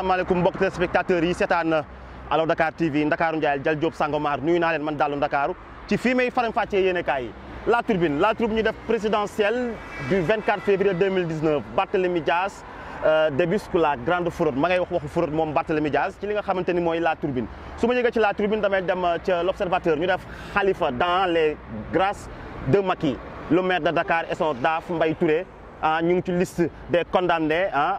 bokk té spectateurs yi sétane alors Dakar TV Dakar Ndiaye Jal Diop Sangomar nuy naa leen man Dalu dakar ci fii may faram-fàccee yéene la Turbine. la tribune ñu def présidentielle du 24 février 2019 Barthélémy Dias euh, de la grande fraude ma ngay wax waxu fraude mom Barthélémy Dias ci li nga xamante moy la Turbine. suma ma ci la Turbine, damay dem euh, ci l'observateur ñu def Khalifa dans les grâces de Macky le maire de Dakar et son DAF Mbaye Touré ah, ñu ci liste des condamnés hein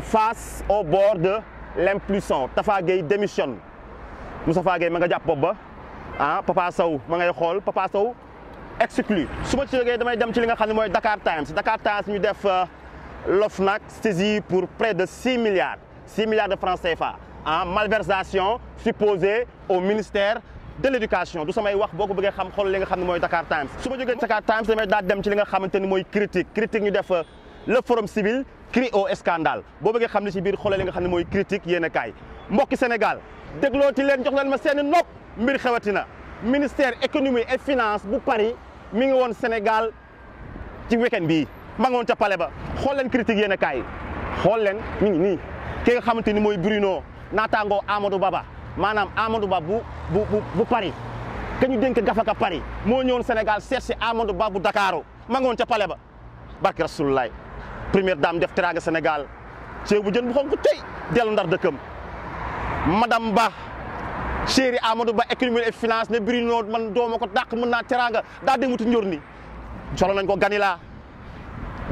face au bord de l'impulsion. Tafa Gueye démissionne Moussafa Gueye ma nga ah, Papa Sow ma ngay Papa Sow exclu ci damay Dakar Times Dakar Times ñu def euh, l'OFNAC saisie pour près de 6 milliards 6 milliards de francs CFA en ah, malversation supposée au ministère de l'éducation du samay wax boo ko Dakar Times su Dakar Times dem critique nous euh, le forum civil cri au scandale boo bëggee xam ne ci biir xoolal li nga xam ne mooy critique yéen a kaay mbokki Sénégal déglooti leen jox leen ma seeni nopp mbir xewatina ministère économie et finance bu Paris mi ngi woon senegal ci weekend bi ma ngi woon ca pale ba xool leen critique yéen a kaay xool leen mi ngi nii ki nga xamante ni mooy Bruno naataangoo Amadou Ba ba maanaam Amadou Ba bu bu bu Paris ka ñu dénk gafaka Paris moo ñëwoon Sénégal seet si Amadou Ba bu Dakaaru ma ngi ca Palais ba barki première dame def teraanga Sénégal bu jeun bu xonk tey delu ndar deukum madame Ba chéri Amadou Ba économie et finance ne brûle man dooma ko dàq mën na teraanga daa dem wuti njur ni solo nañ ko ganila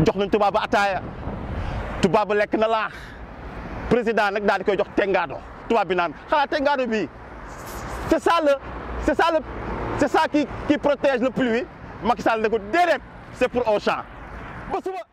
jox nañ tubaab ba ataaya tubaab ba na la président nak dal di koy jox tengado tubaab bi nan xala tengado bi c'est ça le c'est ça le c'est ça qui qui protège le pluie Macky Sall ne ko c'est pour Auchan ba suba